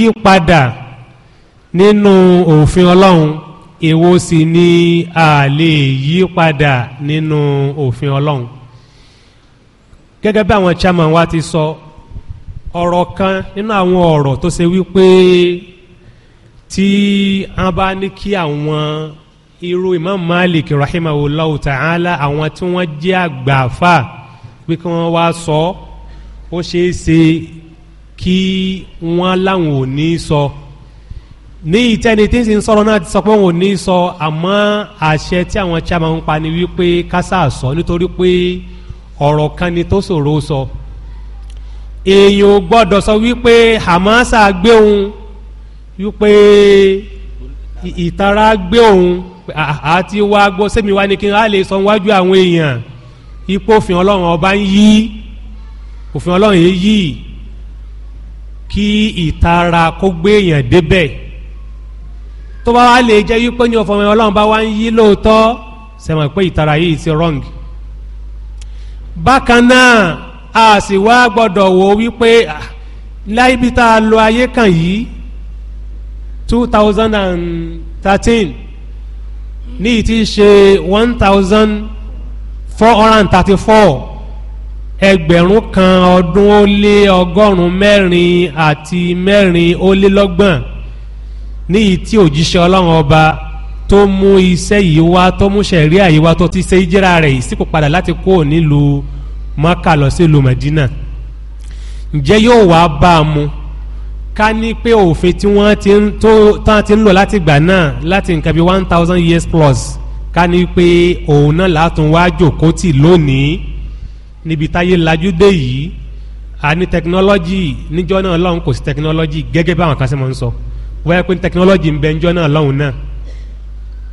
yípadà nínú òfin ọlọ́run èwo sì ni a lè yípadà nínú òfin ọlọ́run gẹ́gẹ́ bí àwọn chairman wa ti sọ ọ̀rọ̀ kan nínú àwọn ọ̀rọ̀ tó ṣe wípé tí a bá ní kí àwọn irú imam malik rahimahullahu ta'ala àwọn tí wọ́n jẹ́ àgbààfà pé kí wọ́n wá sọ ó ṣeé ṣe kí wọ́n láwọn ò ní sọ ní ìtẹ́ni tí ń sin sọ̀rọ̀ náà ti sọ pé wọn ò ní sọ àmọ́ àṣẹ tí àwọn chairman ń pa ni wípé kásá sọ nítorí pé ọ̀rọ̀ kan ni tó ṣòro sọ èèyàn ò gbọ́dọ̀ sọ wípé hamasa gbé òun wípé ìtara gbé òun àti wa gbọ́ sẹ́mi wa ni kí n á lè sọ wájú àwọn èèyàn ipò òfin ọlọ́run ọba ń yí òfin ọlọ́run yìí yìí kí ìtara kó gbé èèyàn débẹ̀ tó bá wá lè jẹ́ wípé ní ọ̀fọ̀mọ́ ọlọ́run bá wá ń yí lóòótọ́ sẹ́mọ̀ pé ìtara yìí ti rọ́ǹgì bákan náà a sì wá gbọ́dọ̀ wò wípé láìbí tá a lo ayé kan yìí two thousand and thirteen ní ìtí ṣe one thousand four hundred and thirty four ẹgbẹ̀rún kan ọdún ó lé ọgọ́rùn-ún mẹ́rin àti mẹ́rin ó lé lọ́gbọ̀n níyì tí òjíṣẹ́ ọlọ́run ọba tó mú iṣẹ́ yìí wá tó mú sẹ̀ríà yìí wá tó ti ṣe ìjẹ́ra rẹ̀ yìí sípò padà láti kó nílùú mọ́kà lọ sí ìlú mẹ́dínà ǹjẹ́ yóò wá bá a mu ká ní pé òfin tí wọ́n ti ń lò láti gbà náà láti nǹkan bíi one thousand years plus ká ní pé òun náà látún wá jòkó tì lónìí níbi táyé lajú dé yìí a ní tẹkinọ́lọ́jì níjọ́ náà lọ́hùn kò sí tẹkinọ́lọ́jì gẹ́gẹ́ báwọn kan ṣe máa ń sọ wáyé pé tẹkinọ́lọ́jì ń bẹ níjọ́ náà lọ́hùn náà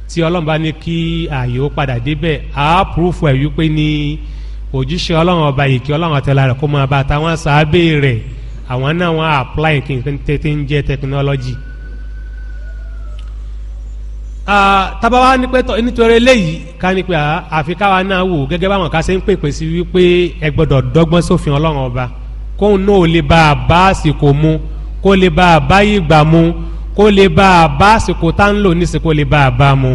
tí ọlọ́run bá ní kí ààyè ó padà débẹ̀ á púrúfù ẹ̀ wípé ní òjíṣẹ́ ọlọ́run ọba yìí kí ọlọ́run àtẹlà rẹ̀ kó máa bá àtàwọn sábẹ́ rẹ̀ àwọn náà wọ́n á apply nǹkan tètè ń jẹ́ tẹkinọ́lọ́jì tabawa ni pé nítorí eléyìí ká ní pé àfi káwa náà wò gẹ́gẹ́ báwọn ká ṣe ń pèpè sí wípé ẹ gbọ́dọ̀ dọ́gbọ́n sófin ọlọ́run ọba kóun náà lè bá a bá àsìkò mu kó lè bá a bá ìgbà mu kó lè bá a bá àsìkò tá ń lò nísìkò kó lè bá a bá mu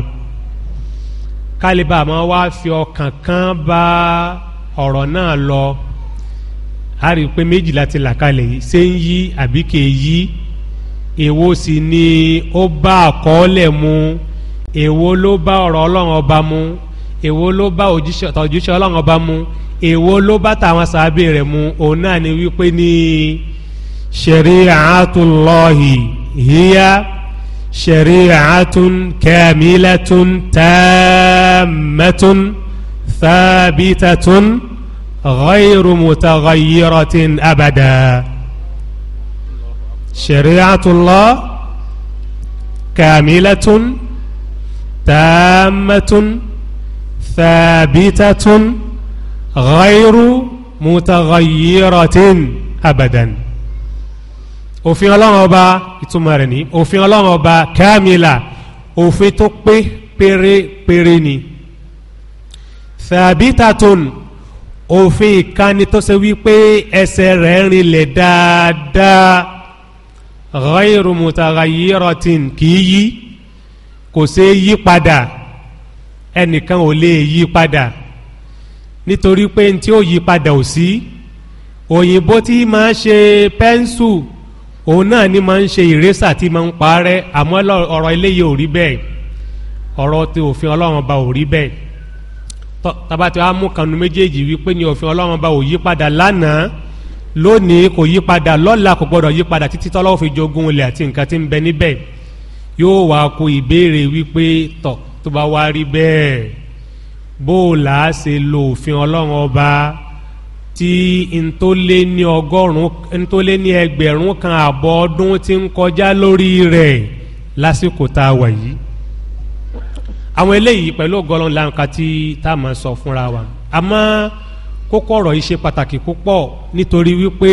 ká lè bá a máa wá fi ọkàn kan bá ọ̀rọ̀ náà lọ a rí i pé méjì láti là kalẹ̀ yìí ṣé ń yí àbí kè yí èwo sì ni ó bá àkọọ́lẹ̀ mu èwo ló bá ọ̀rọ̀ ọlọ́run ọba mu èwo ló bá òjíṣẹ́ ọlọ́run ọba mu èwo ló bá tàwọn sàábì rẹ̀ mu òun náà ni wípé ní ṣẹ̀rí àátúlọ́hì híyá ṣẹ̀rí àátún kẹ́mílẹ́tún tẹ́mẹ́tún tẹ́bítẹ́tún ọ̀rọ̀ìrùmùtàgọ̀yìrọ̀tìn abàdà ṣẹ̀rí àátúlọ́ kẹ́mílẹ́tún تامة ثابتة غير متغيرة أبدا òfin ọlọ́run ọba ìtumọ̀ rẹ̀ ní òfin ọlọ́run ọba kámìlà òfin tó pé pérépéré ni thabitatun òfin ìkànnì tó ṣe wípé ẹsẹ̀ rẹ̀ rinlẹ̀ dáadáa ghayru mutaghayyiratin kì í yí kò ṣeé yí padà ẹnìkan ò lè yí padà nítorí pé tí ó yí padà ò sí òyìnbó tí máa ṣe pẹ́ńsù òun náà ni máa ń ṣe ìrésà tí máa ń parẹ́ àmọ́ ọ̀rọ̀ eléyìí ò rí bẹ́ẹ̀ ọ̀rọ̀ tí òfin ọlọ́run ọba ò rí bẹ́ẹ̀ tabati wa mú kanu méjèèjì wípé ní òfin ọlọ́run ọba ò yí padà lánàá lónìí kò yí padà lọ́la kò gbọ́dọ̀ yí padà títí tọ́lọ́wọ́ fi jogún ilẹ̀ àti nǹkan tí ń bẹ níbẹ̀ yóò wá kó ìbéèrè wípé tọ̀ tó bá wá rí bẹ́ẹ̀ bó o là á ṣe lo òfin ọlọ́run ọba tí ntólé ní ọgọ́rùn-ún ntólé ní ẹgbẹ̀rún kan àbọ̀ ọdún ti ń kọjá lórí rẹ̀ lásìkò tá a wà yìí àwọn eléyìí pẹ̀lú ọgọ́rùn láǹkà tí tá a máa sọ fúnra wa àmọ́ kókó ọ̀rọ̀ yìí ṣe pàtàkì púpọ̀ nítorí wípé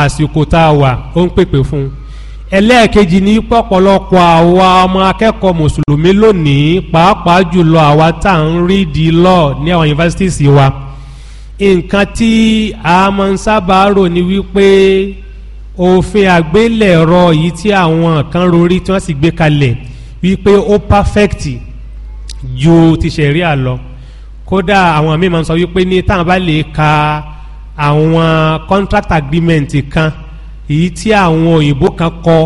àsìkò tá a wà ó ń pèpè fún un ẹlẹ́ẹ̀kejì ní pọ̀pọ̀lọpọ̀ àwa ọmọ akẹ́kọ̀ọ́ mùsùlùmí lónìí pàápàá jùlọ àwa tá à ń rí di lọ ní àwọn universities wa nǹkan tí a máa ń sábà rò ní wípé òfin àgbélẹ̀rọ yìí tí àwọn kan rorí tí wọ́n sì gbé kalẹ̀ wípé ó perfect ju ti ṣẹ̀ríà lọ kódà àwọn míì máa ń sọ wípé ní táwọn bá lè ka àwọn contract agreement kan èyí tí àwọn òyìnbó kan kọ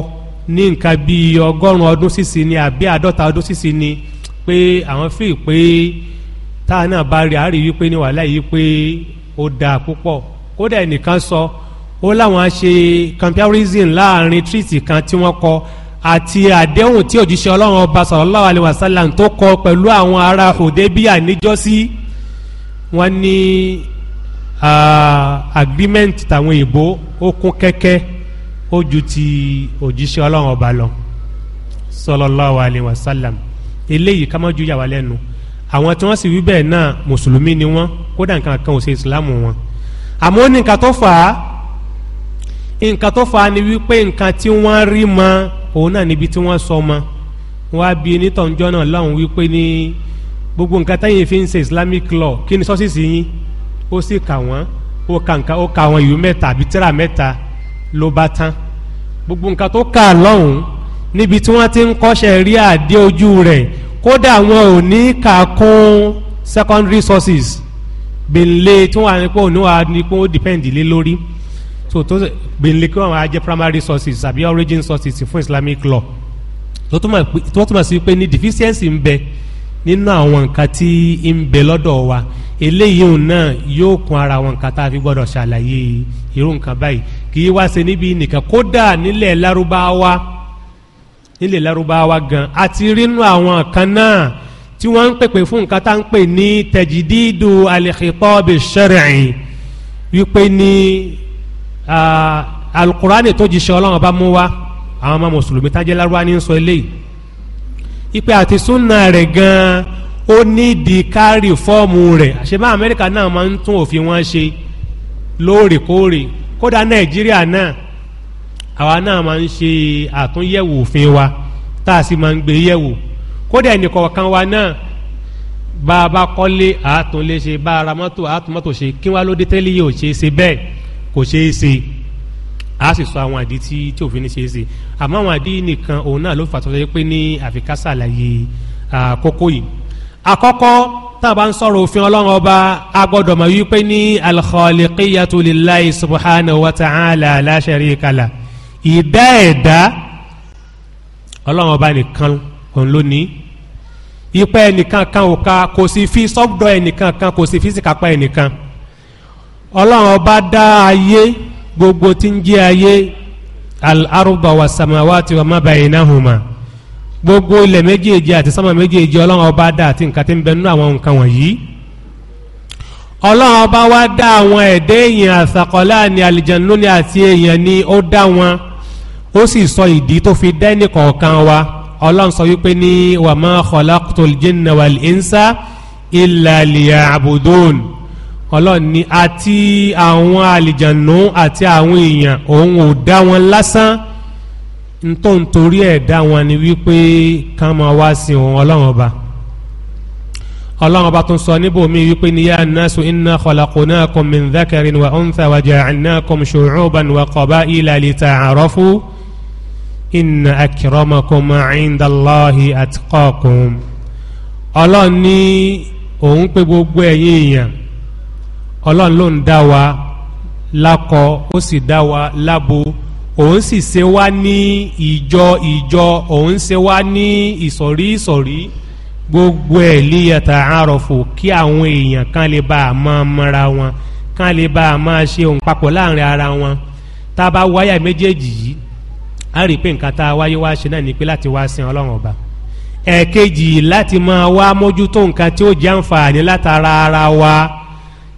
ní nǹkan bíi ọgọ́rùn-ún ọdún sísìn ni àbí àádọ́ta ọdún sísìn ni pé àwọn fi pé táà náà bá rí àárí wípé ní wàhálà yìí pé ó dáa púpọ̀ kódà ẹnìkan sọ ó láwọn á ṣe comparison láàrin treaty kan tí wọ́n kọ àti àdéhùn tí òjíṣẹ́ ọlọ́run ọba sallallahu alaihi wasallam tó kọ pẹ̀lú àwọn ará Hudaybiya níjọ́sí wọ́n ní agreement tàwọn èèbó ó kún kẹ́kẹ́ ó ju ti òjíṣẹ́ ọlọ́run ọba lọ sọlọ́láwà alẹ́ wàsálàm eléyìí ká má ju yàwá lẹ́nu àwọn tí wọ́n sì wí bẹ́ẹ̀ náà mùsùlùmí ni wọ́n kódà nǹkan kan ò ṣe ìsìlámù wọn àmọ́ ní nǹkan tó fà á nǹkan tó fà á ni wípé nǹkan tí wọ́n rí mọ òun náà níbi tí wọ́n sọ mọ wọ́n á bi onítọ̀njọ́ náà lọ́hùn wípé ní gbogbo nǹkan táyìn fi ń ṣe islamic law kí ni sọ́sìsì yín ó sì kà wọ́n ó ka nǹkan ó ka àwọn ìwé mẹ́ta àbí tíra mẹ́ta ló bá tán gbogbo nǹkan tó kà lọ́hùn níbi tí wọ́n ti ń kọ́ṣẹ́ rí àdé ojú rẹ̀ kódà wọn ò ní kà kún secondary sources gbèlè tí wọ́n á ní pé òun á ní pé ó depend lé lórí so tó gbèlè kí wọ́n á jẹ́ primary sources àbí origin sources fún islamic law tó túmọ̀ sí pé ní deficiency ń bẹ nínú àwọn nǹkan tí ń bẹ lọ́dọ̀ wa eléyìí náà yóò kún ara àwọn nǹkan tá a fi gbọ́dọ̀ ṣàlàyé irú nǹkan báyìí kì í wá ṣe níbi nìkan kódà nílẹ̀ lárúbáwá nílẹ̀ lárúbáwá gan àti rínú àwọn kan náà tí wọ́n ń pèpè fún nǹkan tá à ń pè ní tẹ̀jìdídù alìkìtọ́bì sẹ́rìn wípé ní alukurani tó jí ṣe ọlọ́run bá mú wa àwọn ọmọ mùsùlùmí tájẹ́ lárúbáwá ní sọ eléyìí ipe àti súnà rẹ̀ gan-an ó nídìí kárì fọ́ọ̀mù rẹ̀ àṣebá amẹ́ríkà náà máa ń tún òfin wọn ṣe lóòrèkóòrè kódà nàìjíríà náà àwa náà máa ń ṣe àtúnyẹ̀wò òfin wa tá a sì máa ń gbé yẹ̀wò kódà ẹnìkọ̀ọ̀kan wa náà bá a bá kọ́lé àtúnléṣe bá a mọ́tò àtúnmọ́tò ṣe kí wọ́n á ló tẹ́lẹ̀ yìí ò ṣe é ṣe bẹ́ẹ̀ kò ṣe é ṣe a sì sọ àwọn àdí tí tí òfin ní ṣe é ṣe àmọ́ àwọn àdí nìkan òun náà ló fà tó ṣe pé ní àfikásà àlàyé àkókò yìí. àkọ́kọ́ tá a bá ń sọ̀rọ̀ òfin ọlọ́run ọba a gbọ́dọ̀ mọ̀ wípé ní al-khaliqiyatu lillahi subhanahu wa ta'ala la sharika lah ìdá ẹ̀dá ọlọ́run ọba nìkan òun ló ní ipa ẹnìkan kan ò kò sì fi sọ́gbọ́ ẹnìkan kan kò sì fi síkàpá ẹnìkan ọlọ́run ọba dá ayé gbogbo tí ń jẹ́ ayé al-arba wa samawati wa mabayinahuma gbogbo ilẹ̀ méjèèjì àti sámà méjèèjì ọlọ́run ọba dá àti nǹkan tí ń bẹ nínú àwọn nǹkan wọ̀nyí ọlọ́run ọba wa dá àwọn ẹ̀dẹ́ èèyàn àsàkọ́lá ni àlìjẹ̀nu àti èèyàn ni ó dá wọn ó sì sọ ìdí tó fi dá ẹnì kọ̀ọ̀kan wa ọlọ́run sọ wípé ní wàmọ́ khalaqtul jinna wal insa illa liya'budun ọlọ́run ni àti àwọn àlìjànú àti àwọn èèyàn òun ò dá wọn lásán ntó nítorí ẹ̀ dá wọn ni wípé ká máa wá sí òun ọlọ́run ọba ọlọ́run ọba tún sọ níbòmí wípé ni yáa nasu iná kọlàkùnà kọmin dákẹ́rin wa ọ̀nfà wa jàǹnà kọm ṣòṣòban wa kọba ìlàlẹ̀ tà àrọ́fù iná akérọ́mọkùnmá ìndàláhi àtikọ́kùn ọlọ́run ní òun pé gbogbo ẹ̀yìn èèyàn ọlọ́run ló ń dá wa lákọ ó sì dá wa lábo òun sì ṣe wá ní ìjọ ìjọ òun ṣe wá ní ìsọ̀rí ìsọ̀rí gbogbo ẹ̀ líyàtà àárọ̀fò kí àwọn èèyàn kan lè bá a máa mọ́ra wọn kan lè bá a máa ṣe òun papọ̀ láàrin ara wọn tá a bá wáyà méjèèjì yìí a rí i pé nǹkan tá a wáyé wá ṣe náà ni pé láti wá sin ọlọ́run ọba ẹ̀ẹ̀kejì láti máa wá mójútó nǹkan tí ó jẹ́ àǹfààní látara ara wa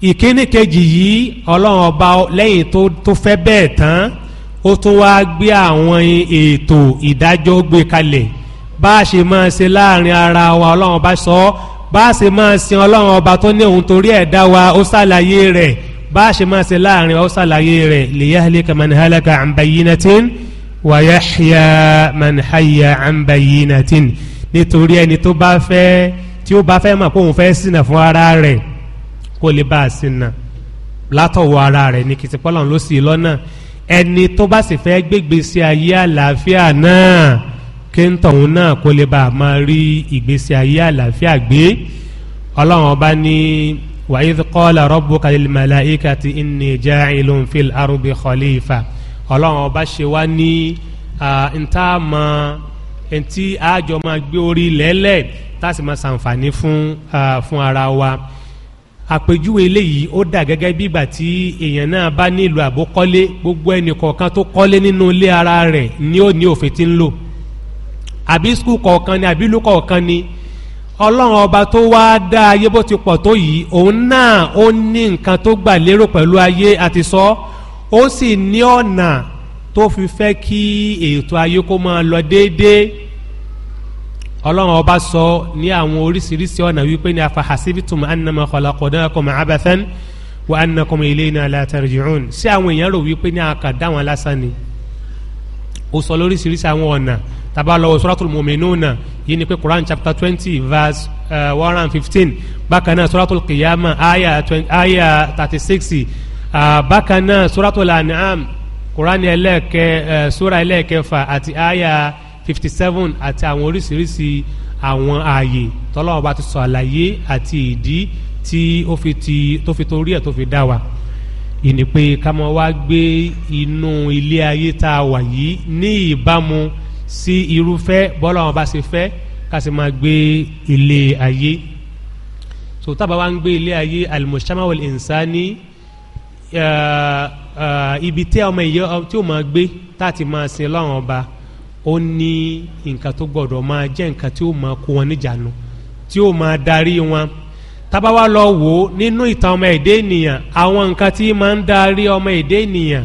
ìkíní kejì yìí ọlọ́run ọba lẹ́yìn tó fẹ́ bẹ́ẹ̀ tán ó tún wá gbé àwọn ètò ìdájọ́ gbé kalẹ̀ bá a ṣe máa ṣe láàrin ara wa ọlọ́run ọba sọ bá a ṣe máa sin ọlọ́run ọba tó ní òun torí ẹ̀dá wa ó ṣàlàyé rẹ̀ bá a ṣe máa ṣe láàrin wa ṣàlàyé rẹ̀ lèyàhálẹ́ kàmáni hálàkà àǹbáyínatín wàyáhíà mànìháyà àǹbáyínatín nítorí ẹni tó bá fẹ́ tí ó bá fẹ́ mọ̀ pé òun fẹ́ sìnà fún ara rẹ̀ kó lè bá a sí na látọ̀wọ́ ara rẹ̀ ní kìtìpọ́lọ́n ló sì lọ́nà ẹni tó bá sì fẹ́ gbégbèsè ayé àlàáfíà náà kéńtọ̀hún náà kó lè bá a máa rí ìgbésí ayé àlàáfíà gbé ọlọ́run ọba ní wàyí kọ́lá rọ́bù kàlímàlà ìkà ti ìní ìjà ìlúnfil arúgbó khalifa ọlọ́run ọba ṣe wá ní ntá mọ ntí àjọ máa gbé orí lẹ́lẹ̀ tá a sì máa ṣàǹfààní fún ara wa àpèjúwe eléyìí ó dà gẹ́gẹ́ bí ìgbà tí èèyàn náà bá ní àbókọ́lé gbogbo ẹnì kọ̀ọ̀kan tó kọ́lé nínú ilé ara rẹ̀ ni ó ní òfin ti ń lò àbí skul kọ̀ọ̀kan ni àbí ìlú kọ̀ọ̀kan ni ọlọ́run ọba tó wá dá ayé bó ti pọ̀ tó yìí òun náà ó ní nǹkan tó gbà lérò pẹ̀lú ayé àti sọ ó sì ní ọ̀nà tó fi fẹ́ kí ètò ayé kó máa lọ déédéé ọlọ́run ọba sọ ní àwọn oríṣiríṣi ọ̀nà wípé ní afahasibitum anamọ kọlọkọdọ́kọ ma'abathan wa anakọmọ ilé iná alatarjihun sí àwọn èèyàn rò wípé ní àkàdá wọn lásán ni ó sọ lóríṣiríṣi àwọn ọ̀nà tàbá lọ sọ́ràtúlù mọ̀mìnúnà yìí ni pé quran chapter twenty verse uh, one hundred and fifteen bákan náà sọ́ràtúlù kìyàmà àyà thirty six uh, bákan náà sọ́ràtúlù àníhàm quran ẹlẹ́ẹ̀kẹ́ uh, sura ẹlẹ́ẹ̀kẹfà àti àyà fifty seven àti àwọn oríṣiríṣi àwọn ààyè tọ́lọ́wọ́ bá ti sọ àlàyé àti ìdí tí ó fi ti tó fi torí ẹ̀ tó fi dá wa ìní pé ká mọ wá gbé inú ilé ayé tá a wà yìí ní ìbámu sí irúfẹ́ bọ́lá wọn bá ṣe fẹ́ ká sì máa gbé ilé ayé so tábà wá ń gbé ilé ayé alimushamawal insani ibi tí ọmọ ìyá tí ó máa gbé tá a ti máa sin lọ́wọ́n ọba ó ní nǹkan tó gbọ́dọ̀ máa jẹ́ nǹkan tí ó máa kó wọn níjànú tí ó máa darí wọn tábàwá lọ wò ó nínú ìtàn ọmọ èdè ènìyàn àwọn nǹkan tí máa ń darí ọmọ èdè ènìyàn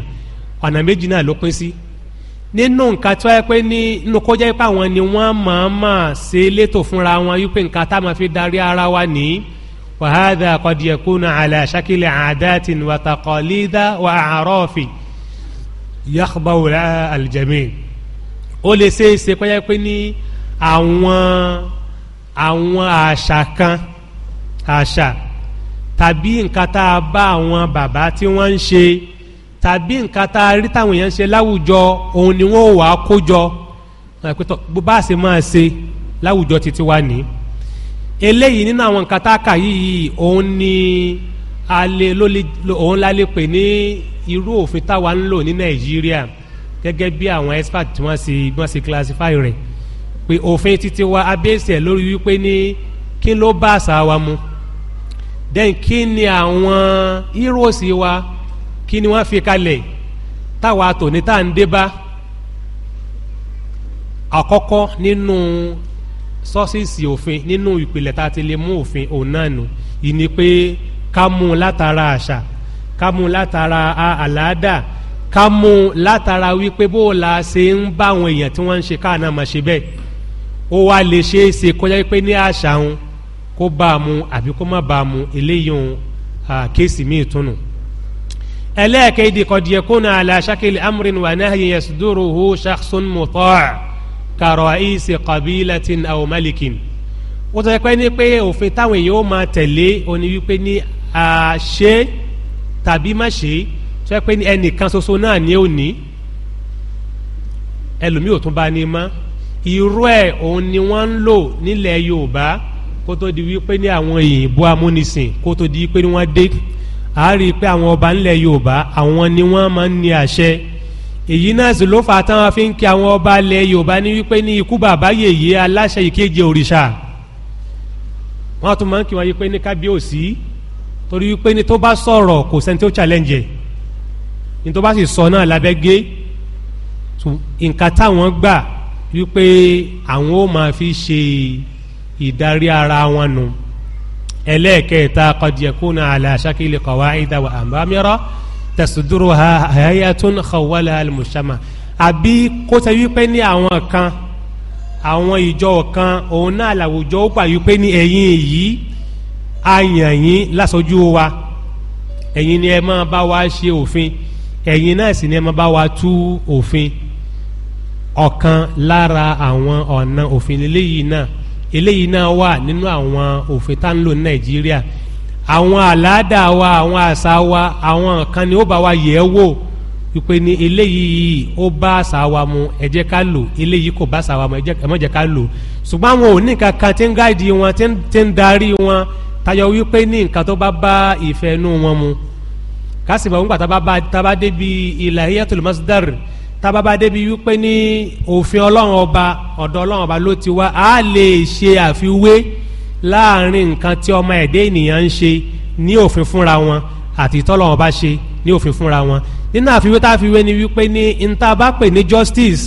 ọ̀nà méjì náà ló pín sí nínú nǹkan tí wọ́n yẹ ní inú kó jẹ́ pé àwọn ni wọ́n máa máa ṣe létò fúnra wọn wípé nǹkan tá a máa fi darí ara wa ní wàhádà kọ́díẹ̀kúnà àlẹ́ àṣàkìlẹ̀ àdáàtìn wàtàkọ́lídà wà àárọ̀ ọ̀fìn yàgbà àlìjẹ̀mí ó lè ṣe é ṣe kọjá pé ní àwọn àwọn àṣà kan àṣà tàbí nǹkan tá a bá àwọn bàbá tí wọ́n ń ṣe tàbí nǹkan tá a rí táwọn èèyàn ń ṣe láwùjọ òun ni wọ́n ò wá kó jọ bó bá ṣe máa ṣe láwùjọ títí wá ní eléyìí nínú àwọn nǹkan tá a kà yìí òun ni a lè ló lè òun la lè pè ní irú òfin táwa ń lò ní nàìjíríà gẹ́gẹ́ bí àwọn expert tí wọ́n ṣe wọ́n ṣe classify rẹ̀ pé òfin títí wa abẹ́sẹ̀ lórí wípé ní kí ló bá àṣà wa mu then kí ni àwọn híròsì wa kí ni wọ́n fi kalẹ̀ táwa tòní tá à ń dé bá àkọ́kọ́ nínú sọ́sìsì òfin nínú ìpìlẹ̀ tá a ti lè mú òfin òun náà nù yìí pé ká mú un látara àṣà ká mú un látara àlàáda ká mú un látara wípé bó o la ṣe ń bá àwọn èèyàn tí wọ́n ń ṣe káà náà máa ṣe bẹ́ẹ̀ ó wá lè ṣe é ṣe kọjá wípé ní àṣà òun kó bá a mu àbí kó má bá a mu eléyìí òun kéèsì míì túnú. ẹlẹ́ẹ̀kejì kọ̀dí ẹ̀kúnà aláṣákìlì amúrin wà náà yẹn sùdúrù hu ṣàkṣún mùtọ́ kàrọ̀ ìsì kàbílẹ̀tìn àwọn málìkìn. ó sọ pé pé òfin táwọn èèyàn ó máa tẹ̀lé òní wípé ní àṣe tàbí má ṣe é sọ pé ẹnìkan ṣoṣo náà ni ó ní ẹlòmíì ò tún bá ní mọ́ irú ẹ̀ òun ni wọ́n ń lò nílẹ̀ yorùbá kó tó di wípé ní àwọn òyìnbó amúnisìn kó tó di wípé ní wọ́n dé a rí i pé àwọn ọba nílẹ̀ yorùbá àwọn ni wọ́n máa ń ní àṣẹ èyí náà sì ló fà táwọn fi ń kí àwọn ọba ilẹ̀ yorùbá ní wípé ní ikú bàbá yèyé aláṣẹ ìkéje òrìṣà wọ́n tún máa ń kí wọn yí pé ní kábíyèsí torí wípé ní tó bá sọ̀rọ̀ kò sẹ́ni tó challenge nítorí bá sì sọ náà lábẹ́ gé nǹkan táwọn gbà wípé àwọn ó máa fi ṣe ìdarí ara wọn nù ẹlẹ́ẹ̀kẹta kọ̀dìẹ̀kúnà aláṣákìlì kọ̀wá ìdáwà àmàmírọ̀ tẹ̀sùdúró hayatun kọ̀wálà alùmùsàmà àbí kó ṣe wípé ní àwọn kan àwọn ìjọ kan òun náà làwùjọ ó gbà wípé ní ẹ̀yìn yìí àyàn yín lásojú wa ẹ̀yin ni ẹ máa bá wa ṣe òfin ẹ̀yin náà sì ni ẹ máa bá wa tú òfin ọ̀kan lára àwọn ọ̀nà òfin eléyìí náà eléyìí náà wà nínú àwọn òfin tá ń lò ní nàìjíríà àwọn àlàádà wa àwọn àṣà wa àwọn nǹkan ni ó bá wa yẹ̀ ẹ́ wò wípé ní eléyìí ó bá àṣà wa mu ẹ jẹ́ ká lò eléyìí kò bá àṣà wa mu ẹ má jẹ́ ká lò ṣùgbọ́n àwọn òní kankan tí ń gáàdì wọn tí ń darí wọn tayọ wípé ní nǹkan tó bá bá ìfẹ́ inú wọn mu kásì mọ̀ nígbà tábà débi ilahiyatul masdar tábà bá débi wípé ní òfin ọlọ́run ba ọ̀dọ̀ ọlọ́run ọba ló ti wá a lè ṣe àfiwé láàrin nǹkan tí ọmọ ẹ̀dẹ́ ènìyàn ń ṣe ní òfin fúnra wọn àti tọ́lọ́run bá ṣe ní òfin fúnra wọn nínú àfiwé tá a fi wé ni wípé ní níta bá pè ní justice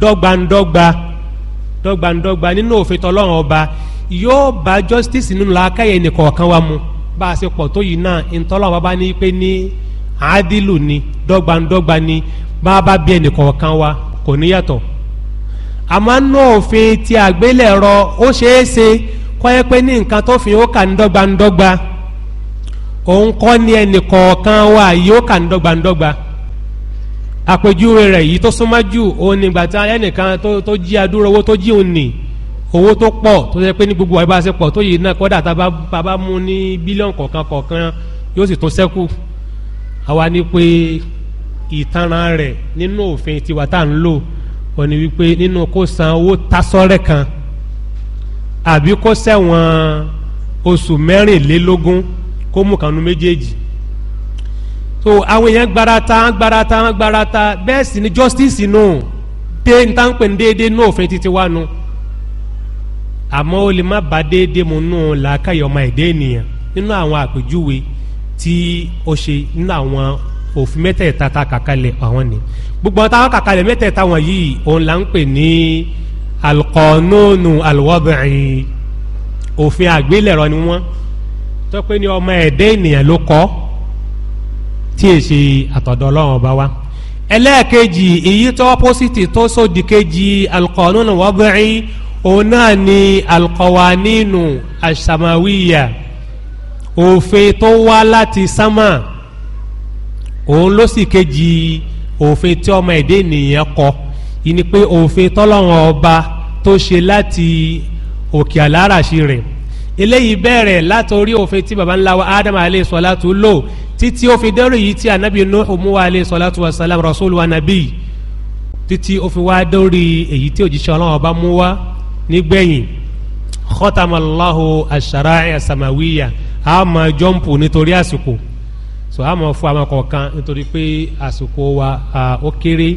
dọ́gbandọ́gba dọ́gbandọ́gba nínú òfin tọ́lọ́run ọba yóò bá justice nínú làákàyè nìkọ̀ọ̀kan wa mu bá a ṣe pọ̀ tó yìí náà ntọ́lọ́wọ́n bá bá ní pé ní àádìlù ni dọ́gbandọ́gba ni bá a bá bí ẹnì kọ̀ọ̀kan wa kò níyàtọ̀ àmọ́ nù òfin ti àgbélẹ̀rọ ó ṣeé ṣe kọ́yẹ́ pé ní nǹkan tó fi ó kà ń dọ́gbandọ́gba òun kọ́ ni ẹnì kọ̀ọ̀kan wa yìí ó kà ń dọ́gbandọ́gba àpèjúwe rẹ̀ yìí tó súnmọ́ jù òun nígbà tí ẹnìkan tó jí adúrówó tó jí òun nìyí owó tó pọ̀ tó ṣe pé ní gbogbo àyè bá ṣe pọ̀ tó yìí náà kọ́dà tá a bá mú ní bílíọ̀nù kọ̀ọ̀kan kọ̀ọ̀kan yóò sì tún sẹ́kù àwa ni pé ìtanràn rẹ̀ nínú òfin tiwa tá à ń lò wọ́n ni wípé nínú kó san owó tasọ́rẹ́ kan àbí kó sẹ́wọ̀n oṣù mẹ́rìnlélógún kó mú kanú méjèèjì so àwọn èèyàn gbarata gbarata gbarata bẹ́ẹ̀ sì ni justice nù dé ní tá à ń pè ní déédéé nù òfin titi wa nù. No àmọ́ ó lè má ba déédéé mu nù làákàyè ọmọ ẹ̀dá ènìyàn nínú àwọn àpèjúwe tí ó ṣe nínú àwọn òfin mẹ́tẹ̀ẹ̀ta ta kàkalẹ̀ àwọn ni gbogbo àwọn kàkalẹ̀ mẹ́tẹ̀ẹ̀ta wọn yìí òun là ń pè ní alukọ̀nùnù alùwọ́bìnrin òfin àgbélẹ̀rọ ni wọ́n tó pé ọmọ ẹ̀dá ènìyàn ló kọ́ tí è ṣe àtọ̀dọ̀ ọlọ́run ọba wa ẹlẹ́ẹ̀kejì èyí tó pósìtì tó sódì kejì alukọ̀nùnù wọ́bìnrin òun náà ni alkọwanínú asamawiya òfin tó wá láti sánmà òun ló sì kejì òfin tí ọmọ èdè ènìyàn kọ ìní pé òfin tọ́lọ́wọ́n ọba tó ṣe láti òkè aláràṣí rẹ̀ eléyìí bẹ̀rẹ̀ látòrí òfin tí baba ńlá wa adam alẹ́ sọlá tó lò títí ó fi dẹ́rù yìí tí anabi nuhu muwa alẹ́ sọlá tó wa salam rasul wa nabi títí ó fi wá dórí èyí tí òjíṣẹ́ ọlọ́wọ́n ọba mú wá nígbẹ̀yìn khotamalahu asharaya samawiya a máa jọ́ǹpù nítorí àsìkò so a máa fún àwọn kọ̀ọ̀kan nítorí pé àsìkò wa ó kéré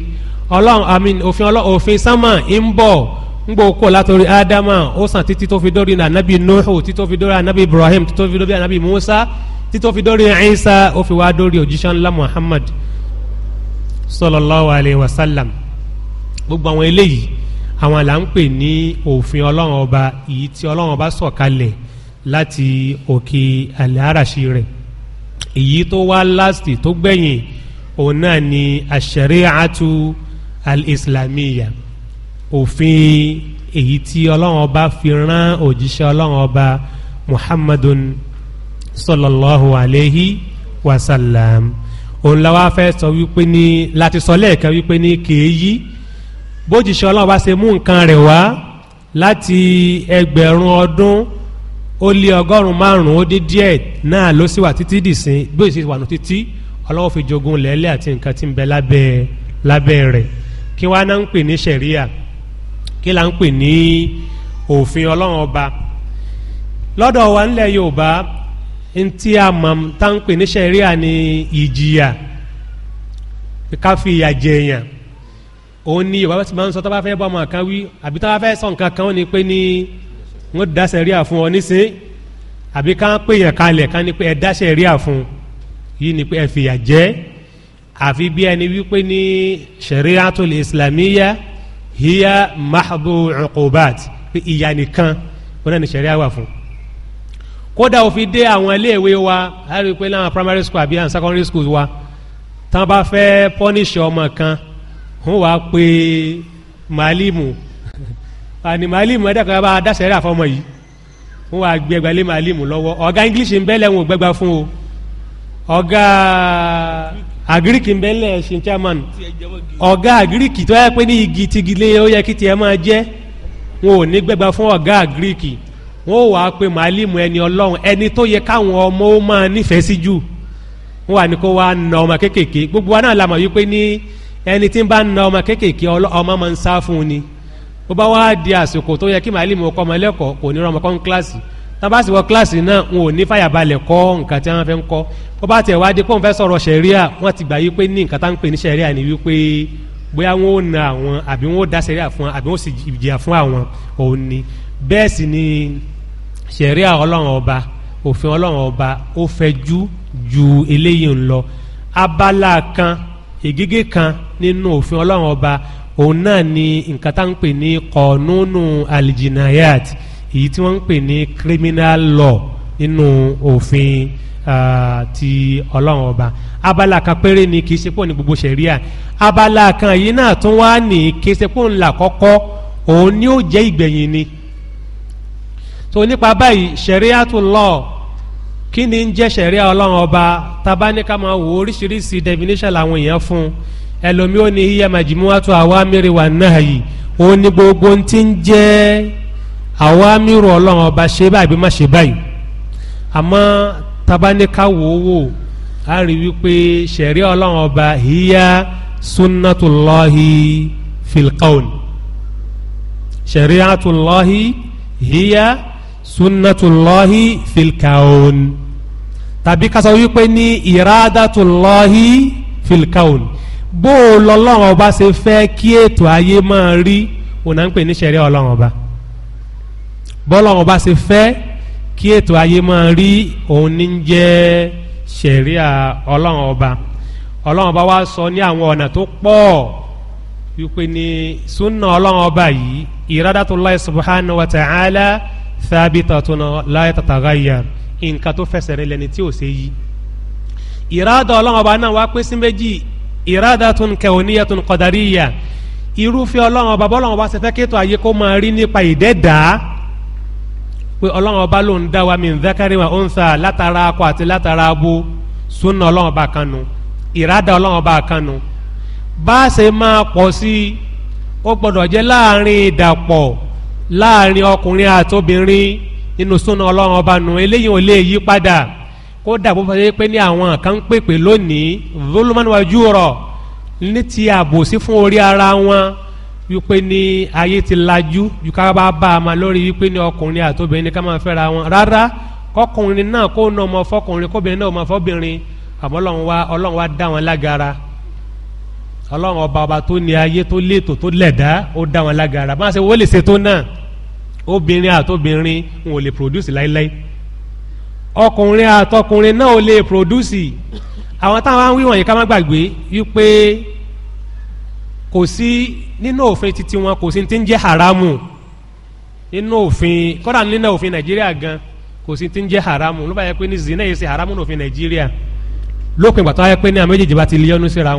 ọlọ́run àmín òfin ọlọ́run òfin sámà ń bọ̀ ngbọ kó látọrí ádámà ó sàn títí tó fi dórí nà nuhu títí tó fi dórí ànábì ibrahim títí tó fi dórí ànábì musa títí tó fi dórí ẹ̀ẹ́sà ó fi wá dórí òjíṣẹ́ ńlá muhammad sallallahu alayhi wa sallam gbogbo àwọn eléyìí àwọn là ń pè ní òfin ọlọ́run ọba èyí tí ọlọ́run ọba sọ̀kalẹ̀ láti òkè àlẹ́ àràṣì rẹ̀ èyí tó wá last tó gbẹ̀yìn òun náà ni àṣẹ̀rẹ́ àtú al-islamiyya òfin èyí tí ọlọ́run ọba fi rán òjíṣẹ́ ọlọ́run ọba muhammadun sallallahu alayhi wa sallam òun la wá fẹ́ sọ wípé ní láti sọ lẹ́ẹ̀kan wípé ní kèéyí bójìṣẹ́ ọlọ́run bá ṣe mú nǹkan rẹ̀ wá láti ẹgbẹ̀rún ọdún ó lé ọgọ́rùn-ún márùn-ún ó dé díẹ̀ náà ló sì wà títí dìsín bí òṣìṣẹ́ wà nù títí ọlọ́run fi jogun lẹ́lẹ́ àti nǹkan tí ń bẹ lábẹ́ lábẹ́ rẹ̀ kí wàá náà ń pè ní sẹ̀ríà kí là ń pè ní òfin ọlọ́run ọba lọ́dọ̀ wa ńlẹ̀ yorùbá ntí a mọ̀ tá ń pè ní sẹ̀ríà ní ìjìyà ká jẹ̀yàn òun ni yorùbá ti máa ń sọ tó bá fẹ́ bọ́ ọmọ kan wí àbí tó bá fẹ́ sọ nǹkan kan ó ní pé ní wọ́n da sẹ̀ríà fún ọ níṣẹ́ àbí ká ń pè yàn kalẹ̀ ká ní pé ẹ da sẹ̀ríà fún yìí ni pé ẹ fìyà jẹ́ àfi bí ẹni wípé ní sẹ̀ríàtul islamiyya hiya mahdu uqubat pé ìyà nìkan ó náà ní sẹ̀ríà wà fún. kódà òfin dé àwọn iléèwé wa a rí i pé láwọn primary school àbí àwọn secondary school wa tí wọ́n bá fẹ́ pọ́níṣì ọmọ kan wọn wá pé màálìmù àní màálìmù ẹ̀dẹ́kọ̀ bá dáṣẹ́rẹ́ àfọmọ yìí wọn wá gbé ẹgbàá lé màálìmù lọ́wọ́ ọ̀gá english ń bẹ́lẹ̀ wọn ò gbẹ́gbà fún o ọ̀gá agiriki ń bẹ́lẹ̀ ṣe chairman ọ̀gá agiriki tó yẹ pé ní igi tigilé ó yẹ kí tiẹ̀ máa jẹ́ wọn ò ní gbẹ́gbà fún ọ̀gá agiriki wọn ò wá pé màálìmù ẹni ọlọ́run ẹni tó yẹ káwọn ọmọ ó máa nífẹ̀ẹ́ sí jù wọn wà ní kó wá na ọmọ kéékèèké gbogbo wa náà la mọ̀ wípé ní ẹni tí ń bá na ọmọ kéékèèké ọmọ máa ń sá fún un ni bó bá wá di àsìkò tó yẹ kí màálì mú ọkọ ọmọ ẹlẹ́kọ̀ọ́ kò ní rọmọ kọ́ ń kíláàsì tábàsì wọ kíláàsì náà n ò ní fàyàbalẹ̀ kọ́ nǹkan tí wọ́n fẹ́ ń kọ́ bó bá tẹ̀ wá di pọ́n fẹ́ sọ̀rọ̀ sẹ̀ríà wọ́n ti gbà yí pé ní nǹkan tá ń pè ní sẹ̀ríà ni wípé bóyá wọn ò na àwọn àbí wọn ò dá sẹ̀ríà fún àbí wọn sì jìyà fún àwọn òun ni bẹ́ẹ̀ sì ni sẹ̀ríà ọlọ́run ọba òfin ọlọ́run ọba ó fẹ́ ju ju eléyìí ń lọ abala kan ègégé kan nínú òfin ọlọ́run ọba òun náà ni nǹkan tá ń pè ní kọ̀ọ̀nùnù aljinayat èyí tí wọ́n ń pè ní criminal law nínú òfin ti ọlọ́run ọba abala kan péré ni kì í ṣe pò ní gbogbo sẹ̀ríà abala kan yìí náà tún wá ní kì í ṣe pò ńlá kọ́kọ́ òun ni ó jẹ́ ìgbẹ̀yìn ni so nípa báyìí sẹ̀ríà tún lọ́ọ̀ kí ni ń jẹ́ sẹ̀ríà ọlọ́run ọba tabaníkà máa wò oríṣiríṣi definition làwọn èèyàn fún un ẹlòmí ó ní hiya majimuwatu awamiri wa nahayi ó ní gbogbo ti ń jẹ́ awamiru ọlọ́run ọba ṣe báyìí bí má ṣe báyìí àmọ́ tabaníka wò ó wò á rí wípé sẹ̀rí ọlọ́run ọba hiya sunnatulahi filkaun sẹ̀rí atulahi hiya sunnatulahi filkaun tàbí ká ní ìrádàtulahi filkaun bó o lọ́lọ́run ọba ṣe fẹ́ kí ètò ayé máa rí òun náà ń pè ní sẹ̀rí ọlọ́run ọba bọ́lọ́run ọba ṣe fẹ́ kí ètò ayé máa rí òun ní ń jẹ́ sẹ̀rí ọlọ́run ọba ọlọ́run ọba wa sọ ní àwọn ọ̀nà tó pọ̀ wípé ní súnà ọlọ́run ọba yìí ìrádàtò láì subahana wa ta'ala sábìtà tó na láì tàtàgà yà nǹkan tó fẹsẹ̀ rẹ lẹni tí ò ṣe yí ìrádà ọlọ́run ọba náà wá pé sí méjì ìrádàtún kẹwòníyàtún kọ̀dàríyà irúfẹ́ ọlọ́run ọba bọ́lọ́run ọba ṣẹfẹ́ kẹ́tọ̀ ayé kó máa rí nípa ìdẹ́dàá pé ọlọ́run ọba ló ń dá wa mi nzákàrí wa ó ń sà látara akọ àti látara abo súnà ọlọ́run ọba kan nu ìrádà ọlọ́run ọba kan nu bá a ṣe máa pọ̀ sí i ó gbọ́dọ̀ jẹ́ láàrin ìdàpọ̀ láàrin ọkùnrin àtobìnrin nínú súnà ọlọ́run ọba nu eléyìí ò lè yí padà kódà bó fẹ́ pé ní àwọn kan pèpè lónìí volumanuwaju rọ ní ti àbòsí fún orí ara wọn wípé ní ayé ti lajú yíká bá bá a ma lórí wípé ní ọkùnrin àti obìnrin ká máa fẹ́ra wọn rárá kọkùnrin náà kó nà ọmọ fọkùnrin kóbìnrin náà ọmọ fọbìnrin àmọ́ ọlọ́run wa ọlọ́run wa dá wọn lágara ọlọ́run ọba ọba tó ní ayé tó léètò tó lẹ̀dá ó dá wọn lágara bá a ṣe wọ́n lè náà obìnrin àti wọn ò lè produce láéláé. Like, like ọkùnrin àtọkùnrin náà ò lè pòdúsì àwọn táwọn wíwọ̀n yìí ká má gbàgbé wípé kò sí nínú òfin titi wọn kò sí ti ń jẹ́ haramu nínú òfin kọ́dà nínú òfin nàìjíríà gan kò sí ti ń jẹ́ haramu ló bá yẹ pé ní zina yìí ṣe haramu nàìjíríà lópin ìgbà tó yẹ pé ní àwọn méjèèjì bá ti lé ọ́nú síra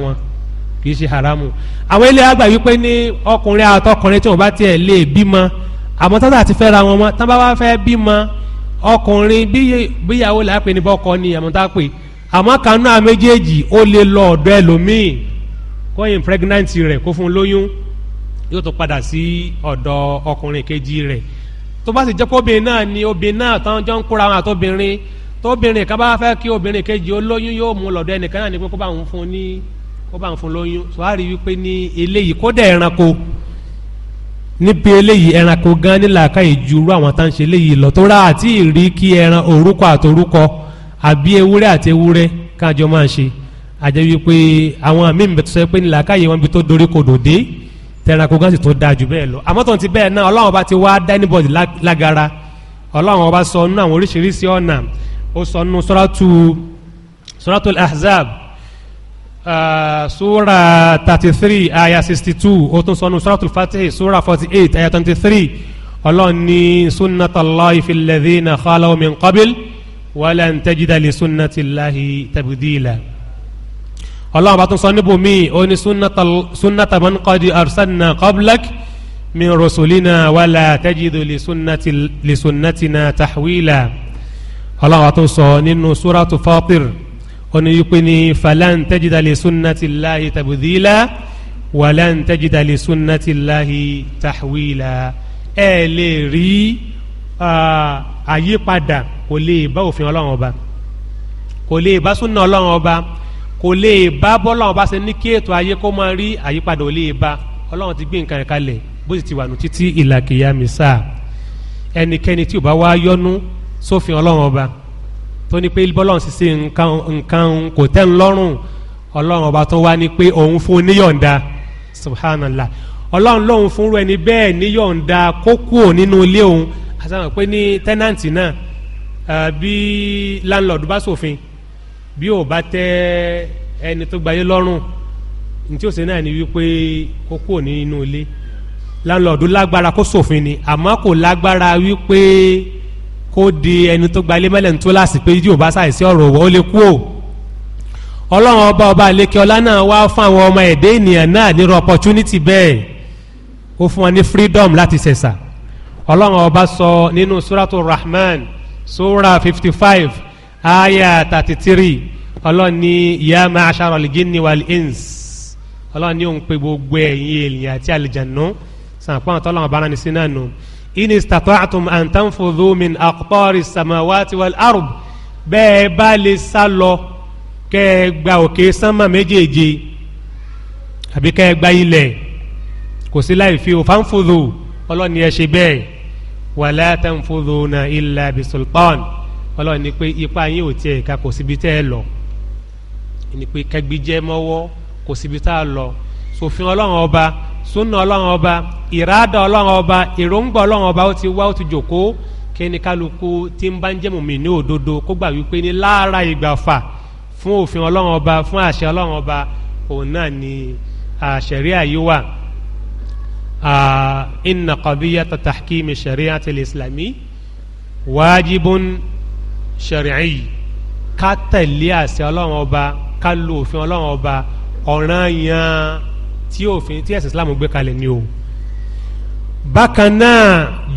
haramu àwọn ilé àgbà wípé ní ọkùnrin àtọkùnrin tí wọn bá tiẹ̀ bímọ àmọ́ fẹ́ ra wọn mọ́ tán bá ọkùnrin bíyàwó là á pè ní bọ́kọ ni àmọ́ tá a pè àmọ́ kanú àwọn méjèèjì ó lè lọ ọ̀dọ́ ẹlòmíì kó impregnant rẹ̀ kó fún un lóyún yóò tó padà sí ọ̀dọ̀ ọkùnrin kejì rẹ̀ tó bá sì jẹ́ pé obìnrin náà ni obìnrin náà tán jọ ń kóra wọn àtobìnrin tóbìnrin kan bá fẹ́ kí obìnrin kejì ó lóyún yóò mú lọ́dọ̀ ẹnìkan náà ni pé kó bá ń fún ní kó bá ń fún lóyún tó a rí wípé ní eléyìí kó dẹ̀ ẹranko níbi eléyìí ẹranko gan ní làákàyè ju irú àwọn tá ń ṣe eléyìí lọ tó rà àti ìrí kí ẹran orúkọ àtorúkọ àbí ewúrẹ́ àti ewúrẹ́ káàjọ máa ṣe àjẹ́ wípé àwọn míì ń sọ pé ní làákàyè wọn bí tó dorí kodò dé tẹranko gan sì tó da jù bẹ́ẹ̀ lọ àmọ́ tó ń ti bẹ́ẹ̀ náà ọlọ́run ọba ti wá dánibọ̀dì lágara ọlọ́run ọba sọ nínú àwọn oríṣiríṣi ọ̀nà ó sọ nínú sọ́ràtú sọ́ràtú ahzab Uh, sura thirty three aya sixty two o tún sọnù suratul fatih sura forty eight aya twenty three ọlọ́run ní sunnatallahi filẹ̀dínà khalaw min qabil wàlẹ̀ ntẹ́jidali sunnatillahi tabidila ọlọ́run bá tún sọ níbo mi ó ní sunnataman qadi arsalna qablak min rasulina wàlẹ̀ tẹ́jidu lisunatina tahwila ọlọ́run bá tún sọ nínú suratul fatir. ọ̀nà yìí ni falan tajidale sunnati lahi tabudila walan tajidale sunnati lahi tahwila ẹ lè rí àyípadà kò lè bá òfin ọlọ́run ọba kò lè bá súnà ọlọ́run ọba kò lè bá bọ́lọ́run ọba ṣe ní kí ètò ayé kó máa rí àyípadà ò lè bá ọlọ́run ti gbé nǹkan rẹ̀ kalẹ̀ bó sì ti wà nù títí ìlà kìyàmì sáà ẹnikẹ́ni tí ò bá wá yọnu sófin ọlọ́run ọba. So tó ní pé bọ́lọ́n sì ṣe nǹkan nǹkan kò tẹ́ ń lọ́rùn ọlọ́run ọba tó wá ní pé òun fún níyọ̀ǹda subhanallah ọlọ́run lóun fún rẹ ní bẹ́ẹ̀ níyọ̀ǹda kó kúò nínú ilé òun àtàwọn pé ní tẹ́nàntì náà bí láńlọ́ọ̀dù bá sòfin bí ò bá tẹ́ ẹni tó gbayé lọ́rùn ní tí náà ni wípé kó kúò nínú ilé láńlọ́ọ̀dù lágbára kó sòfin ni àmọ́ kò lágbára wípé kó di ẹni tó gba ilé-mẹ́lẹ̀ ń tó láti pé yóò bá ṣàìsí ọ̀rọ̀ wọ́n ó lè kú o ọlọ́run ọba ọba àlekè ọlá náà wá fún àwọn ọmọ ẹ̀dẹ́ ènìyàn náà nírú opportunity bẹ́ẹ̀ ó fún wọn ní freedom láti ṣẹ̀ṣà ọlọ́run ọba sọ nínú suratu rahman sura fifty five aya thirty three ọlọ́run ní ìyá máa ṣàrọ̀ lè gíní wà lè ins ọlọ́run ní òun pé gbogbo ẹ̀yìn ènìyàn àti àlejànú sàn pọ́n tọ́lọ́run ọba rán ni sí náà nù. No in istata'tum an tanfudhu min aqtari samawati wal ard bẹ́ẹ̀ bá lè sá lọ kẹ́ ẹ gba òkè sánmà méjèèje àbí kẹ́ ẹ gba ilẹ̀ kò sí láì fi òfàǹfòdò ọlọ́ni ẹ ṣe bẹ́ẹ̀ wala tanfudhuna illa bi sultan ọlọ́ni pé ipa yín ò tiẹ̀ ká kò síbi tẹ́ ẹ lọ ni pé kẹgbíjẹ́ mọ́wọ́ kò síbi tá a lọ sòfin ọlọ́run ọba sunna ọlọ́run ọba ìràdà ọlọ́run ọba èròǹgbà ọlọ́run ọba ó ti wá ó ti jòkó kíni kálukú tí ń bá ń jẹ́mu mi ní òdodo kó gbà wípé ní lára ìgbàfà fún òfin ọlọ́run ọba fún àṣẹ ọlọ́run ọba òun náà ni àṣẹríà yìí wà inna qabiya mi ṣẹríà ti lè islami wájibun ṣẹríì ká tẹ̀lé àṣẹ ọlọ́run ọba ká lo òfin ọlọ́run ọba ọ̀ràn yẹn tí òfin tí ẹ̀sìn islam gbé kalẹ̀ ni o bákan náà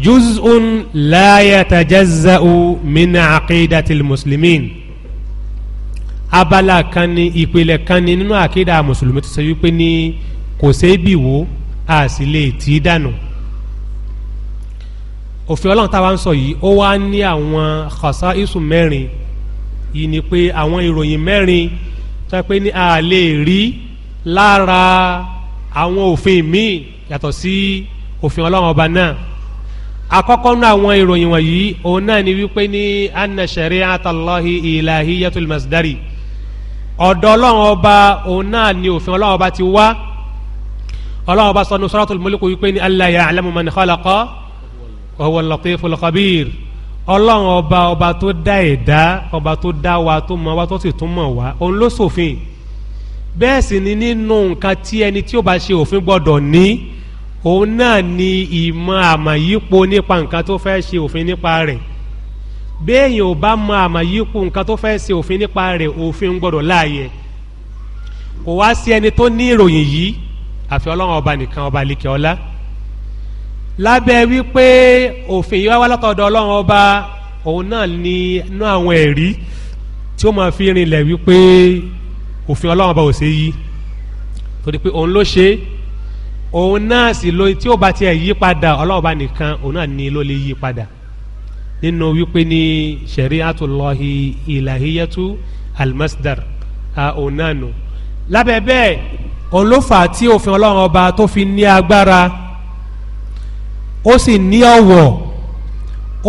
juz'un la yatajazza'u min aqidatil muslimin abala kan ni ìpìlẹ̀ kan ni nínú àkídà mùsùlùmí tó ṣe wípé ní kò ṣeé bì wò a sì lè tì í dànù òfin ọlọ́run táwa ń sọ yìí ó wá ní àwọn xasa isu mẹ́rin yìí ni pé àwọn ìròyìn mẹ́rin tó yẹ pé ní a lè rí lára àwọn òfin míì yàtọ̀ sí òfin ọlọ́run ọba náà akọ́kọ́ nínú àwọn ìròyìn wọ̀nyí òun náà ni wípé ní anna sharia atalahi ilahi yatul masdari ọ̀dọ̀ ọlọ́run ọba òun náà ni òfin ọlọ́run ọba ti wá ọlọ́run ọba sọnù sọ́rọ́tò mọ́lẹ́kù wípé ní aláya alámùmá ní kọ́lákọ́ ọ̀wọ́ lọ́kẹ́ fọlọ́kọ́bìr ọlọ́run ọba ọba tó dá ẹ̀dá ọba tó dá wa tó mọ wa tó sì tún mọ̀ wá òun ló sòfin. So bẹ́ẹ̀ sì ni nínú nǹkan tí ẹni tí ó bá ṣe òfin gbọ́dọ̀ ní òun náà ni ìmọ̀ àmàyípo nípa nǹkan tó fẹ́ ṣe òfin nípa rẹ̀ béèyàn ò bá mọ àmàyípo nǹkan tó fẹ́ ṣe òfin nípa rẹ̀ òfin gbọ́dọ̀ láàyè kò wá sí ẹni tó ní ìròyìn yìí àfi ọlọ́run ọba nìkan ọba àlekè ọlá lábẹ́ wípé òfin yìí wá wá látọ̀dọ̀ ọlọ́run ọba òun náà ní inú àwọn ẹ̀rí tí ó máa fi rinlẹ̀ wípé òfin ọlọ́run ọba ò ṣe yí torí pé òun ló ṣe òun náà sì lo tí ó bá tiẹ̀ yí padà ọlọ́run ọba nìkan òun náà ní ló lè yí padà nínú wípé ní sẹ̀ríàtúlọ́hì ìlàhíyẹ́tú almasdar òun náà nù lábẹ́ bẹ́ẹ̀ òun ló fà á tí òfin ọlọ́run ọba tó fi ní agbára ó sì ní ọ̀wọ̀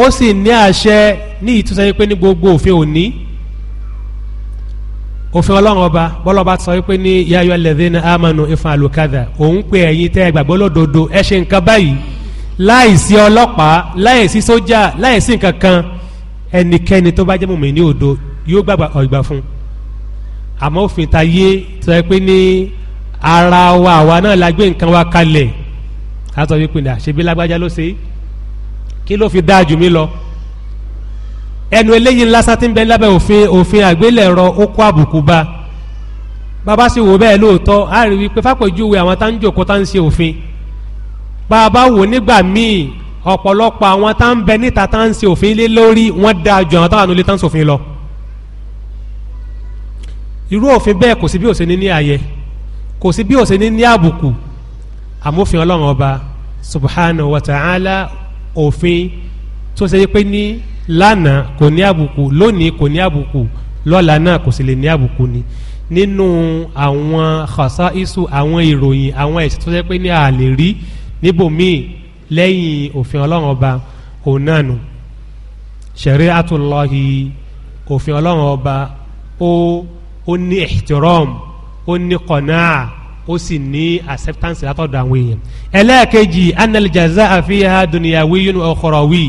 ó sì ní àṣẹ ní ìtúsẹ́yìn pé ní gbogbo òfin òní òfin ọlọ́run ọba bọ́lọ́ba sọ wípé ní yayọ lẹ́dínà amanu ifan alukada òun pé ẹ̀yin tẹ́ gbàgbọ́ lódodo ẹ ṣe nǹkan báyìí láìsí ọlọ́pàá láìsí sójà láìsí nǹkan kan ẹnikẹ́ni tó bá jẹ́ mọ̀mọ́ ní odo yóò gbàgbà ọ̀gbà fún un àmọ́ òfin ta yé sọ pé ní ara wa àwa náà la gbé nǹkan wa kalẹ̀ a sọ wípé ní àṣebí lágbájá ló ṣe kí ló fi dáa jù mí lọ ẹnu eléyìí lásán ti ń bẹ lábẹ́ òfin òfin àgbélẹ̀rọ ó kó àbùkù bá bàbá sì wò bẹ́ẹ̀ lóòótọ́ á rí wípé fàpèjúwe àwọn tá ń jòkó tá ń ṣe òfin bàbá wò nígbà míì ọ̀pọ̀lọpọ̀ àwọn tá ń bẹ níta tá ń ṣe òfin lé lórí wọ́n dáa ju àwọn táwọn anulé tá ń ṣòfin lọ irú òfin bẹ́ẹ̀ kò sí bí òsè ní ní àyẹ kò sí bí òsè ní ní àbùkù àmófin ọlọ́run ọba subhanahu wa ta'ala òfin tó ṣe pé ní lánàá kò ní àbùkù lónìí kò ní àbùkù lọ́la náà kò sì lè ní àbùkù ni nínú àwọn xasa isu àwọn ìròyìn àwọn ẹ̀sìn tó jẹ́ pé ní àlè rí níbòmíì lẹ́yìn òfin ọlọ́run ọba òun náà nù ṣẹ̀rí àtúlọ́hì òfin ọlọ́run ọba ó ó ní ẹ̀tìrọ́m ó ní kọ̀nà ó sì ní acceptance látọ̀dọ̀ àwọn èèyàn ẹlẹ́ẹ̀kejì analijaza àfihàn dùnìyàwí yóò ọkọ̀rọ̀wí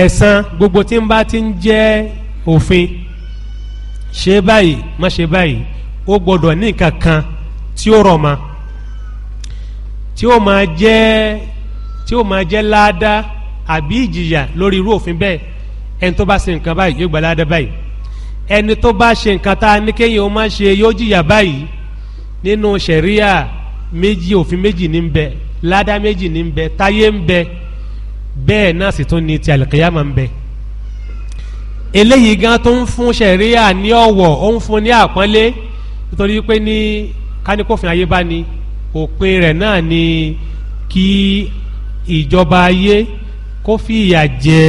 ẹ̀sán gbogbo tí ń bá ti ń jẹ́ òfin ṣe báyìí má ṣe báyìí ó gbọ́dọ̀ ní nǹkan kan tí ó rọ̀ ma tí ó máa jẹ́ tí ó máa jẹ́ láàdá àbí ìjìyà lórí irú òfin bẹ́ẹ̀ ẹni tó bá ṣe nǹkan báyìí yóò gbà láàdá báyìí ẹni tó bá ṣe nǹkan tá a ní kéèyàn ó má ṣe yóò jìyà báyìí nínú sẹ̀ríà méjì òfin méjì ní ń bẹ láàdá méjì ní ń bẹ táyé ń bẹ bẹ́ẹ̀ náà sì tún ni ti àlìkìyàmọ̀ ń bẹ eléyìí gan tó ń fún sẹ̀ríà ní ọ̀wọ̀ ó ń fún ní àpọ́nlé nítorí pé ní kánikófin ayé bá ní òpin rẹ̀ náà ni kí ìjọba ayé kó fi ìyà jẹ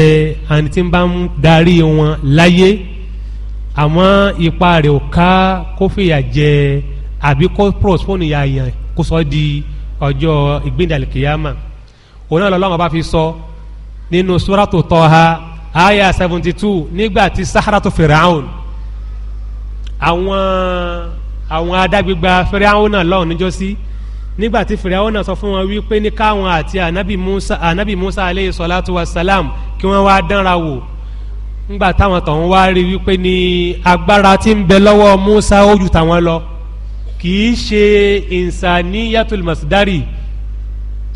àni tí ń bá ń darí wọn láyé àmọ́ ipa rẹ̀ ò ká kó fi ìyà jẹ àbí kó prospone ìyà yẹn kó sọ di ọjọ́ ìgbéǹdàlìkìyàmà òun náà lọ́lọ́run bá fi sọ. So, nínú suratu tọ́ha aya seventy two nígbà tí saharatu firaun àwọn àwọn adágbégbá firaun náà lọ́wọ́ níjọ́sí nígbà tí firaun náà sọ fún wọn wípé ní káwọn àti anabi musa anabi musa aleyhi salatu wa salam kí wọ́n wá dánra wò ńgbà táwọn tọ̀hún wá rí wípé ní agbára tí ń bẹ lọ́wọ́ musa ó ju tàwọn lọ kì í ṣe ìsàníyàtúlmọ̀sídárì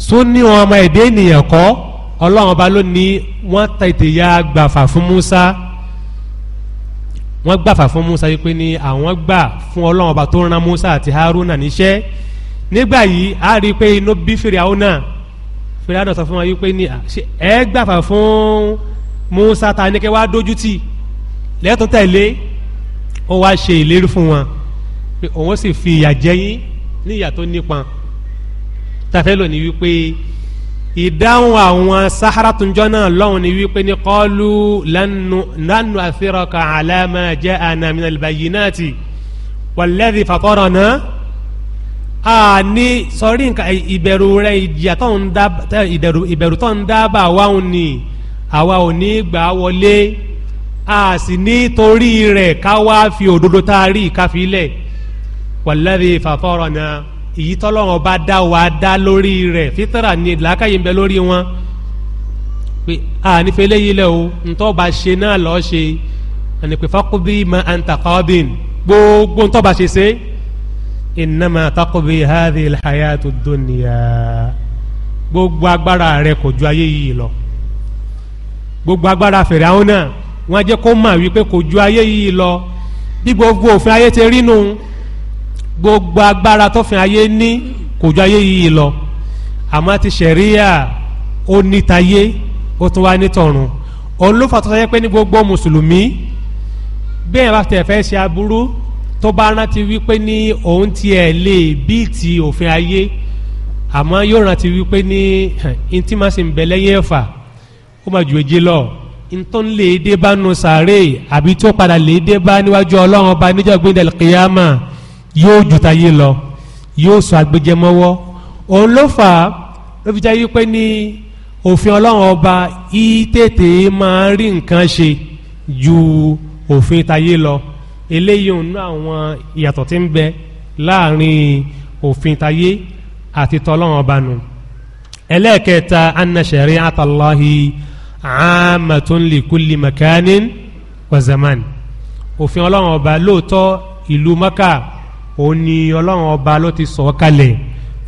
sún ní ọmọ ẹ̀dẹ́ ènìyàn kọ́ ọlọ́run ọba ló ní wọ́n tètè ya gbàfà fún musa wọ́n gbàfà fún musa wípé ní àwọn gbà fún ọlọ́run ọba tó ran musa àti haruna níṣẹ́ nígbà yìí a rí i pé inú bí fìrìhàwó náà fìrìhàwó sọ fún wa wípé ní ẹ gbàfà fún musa ta ni kẹ́ wá dójú tì lẹ́tún tẹ̀lé ó wá ṣe ìlérí fún wọn òun sì fi ìyà jẹ ní ìyà tó nípọn tàfẹ́ lónìí wípé ìdáhùn àwọn sáhárátúnjọ́ náà lọ́hùn ni wípé ní kọ́lù lánàá àfẹ́rọ̀kà àlámà jẹ́ ànàmìnà ìbàyínáàtì wàlẹ́dì fàtọ́rọ̀ náà a ní sọrí nǹkan ìbẹ̀rù rẹ ìjìyà tó ń dábàá ìbẹ̀rù tó ń dábàá wáhùn ni àwa ò ní gbà wọlé a sì ní torí rẹ̀ ká fi òdodo tá a rí ìkáfílẹ̀ wàlẹ́dì fàtọ́rọ̀ náà èyí tọ́lọ́run ọba dá wa dá lórí rẹ̀ fitara ni làákàyè ń bẹ lórí wọn pé a nífẹ̀ẹ́ léyìí lẹ̀ o ntọ́ bá ṣe náà lọ́ọ́ ṣe ànìpẹ́ fákúbí ma antakọ́bìn gbogbo ntọ́ bá ṣe ṣe ìnáma takobi hadi ilhaya tó gbogbo agbára rẹ kò ju ayé yìí lọ gbogbo agbára fèrè àwọn náà wọn jẹ kó mà wípé kò ju ayé yìí lọ bí gbogbo òfin ayé ti rí nù. No gbogbo agbára tófin ayé ní kò ju ayé yìí lọ àmọ́ ti sẹ̀ríyà ó nítayé ó tún wá nítọ̀run òun ló fà tó sọ pé ní gbogbo mùsùlùmí bí ẹ̀ bá tẹ̀ fẹ́ ṣe aburú tó bá rántí wípé ní òun tiẹ̀ lè bí ti òfin ayé àmọ́ yóò rántí wípé ní ntí ń bẹ lẹ́yìn ẹ̀fà ó máa ju èjì lọ ntọ́ lè dé bá nu sàárè àbí tó padà lè dé bá níwájú ọlọ́run ọba níjọ́ gbẹ̀dẹ̀ kìyàmá yóò ju tayé lọ yóò sọ agbẹjẹmọwọ òun ló fà á ló fi jáde pé ní òfin ọlọ́run ọba í tètè máa rí nǹkan ṣe ju òfin tayé lọ eléyìí òun náà àwọn ìyàtọ̀ tí ń bẹ láàrin òfin tayé àti tọ́lọ́run ọba nù ẹlẹ́ẹ̀kẹta anasẹ̀rí atalahi amatunlikuli makanin wazamani òfin ọlọ́run ọba lóòótọ́ ìlú maka òun ni ọlọ́run ọba ló ti sọ̀ kalẹ̀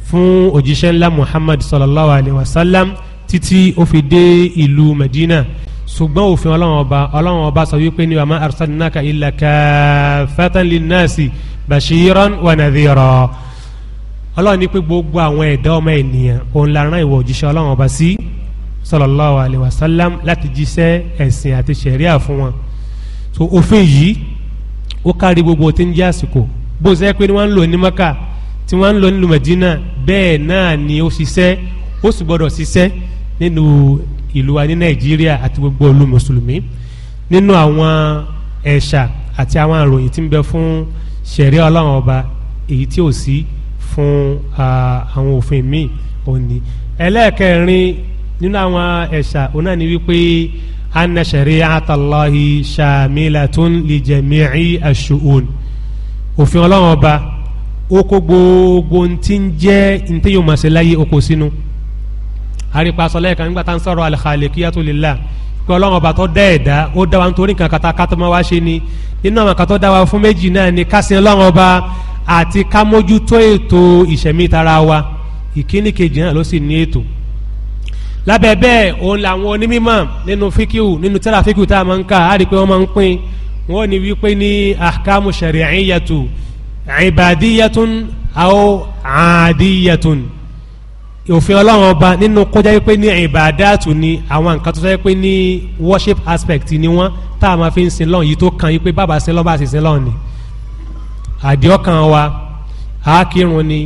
fún òjíṣẹ́ ńlá muhammad sallallahu alayhi wa sallam títí ó fi dé ìlú medina ṣùgbọ́n òfin ọlọ́run ọba ọlọ́run ọba sọ wípé ni wàmà arsalnaka ilà káfẹ́tàn linnaasi bashiran wa nadhira ọlọ́run ní pé gbogbo àwọn ẹ̀dá ọmọ ènìyàn òun la rán ìwọ òjíṣẹ́ ọlọ́run ọba sí sallallahu alayhi wa sallam láti jíṣẹ́ ẹ̀sìn àti sẹ̀ríà fún wọn so òfin yìí ó kárí gbogbo tí ń jẹ́ àsìkò bó ṣe pé wọ́n ń lò ní maka tí wọ́n ń lò nílùú mẹ̀dínà bẹ́ẹ̀ náà ni ó ṣiṣẹ́ ó sì gbọ́dọ̀ ṣiṣẹ́ nínú ìlú wa ní nàìjíríà àti gbogbo olú mùsùlùmí nínú àwọn ẹ̀ṣà àti àwọn àròyìn tí ń bẹ fún ṣẹ̀rí ọlọ́run ọba èyí tí ò sí fún àwọn òfin míì òní ẹlẹ́ẹ̀kẹrin nínú àwọn ẹ̀ṣà òun náà ni wípé anna ṣẹ̀rí àtàlọ́hì ṣàmìlà tó ń lè jẹ̀mí àṣùhùn òfin ọlọ́run ọba ó kó gbogbo ntí ń jẹ́ ntí yóò máa ṣe láyé oko sínú àrípa sọ lẹ́ẹ̀kan nígbà tá à ń sọ̀rọ̀ àlẹ́kàlẹ́ kíyà tó lè là pé ọlọ́run ọba tó dá ẹ̀dá ó dá wa nítorí nǹkan kata kátó máa wá ṣe ni nínú àwọn kan tó dá wa fún méjì náà ni kásìn ọlọ́run ọba àti ká mójútó ètò ìṣẹ̀mí tara wa ìkíní kejì náà ló sì ní ètò lábẹ́ bẹ́ẹ̀ òun làwọn onímọ̀ nínú fíkìú nínú tẹ́lá fíkìú tá a máa ń kà á pé wọ́n máa ń pín wọ́n ní wípé ní ahkamu shari'iyatu ibadiyatun aw aadiyatun òfin ọlọ́run ọba nínú kọjá wípé ní ìbàdàtù ni àwọn nǹkan tó sọ wípé ní worship aspect ni wọ́n tá a máa fi ń sin lọ́run yìí tó kan wípé bàbá sin lọ́run bá sin lọ́run ni àdìọ́kan wa àákírun ni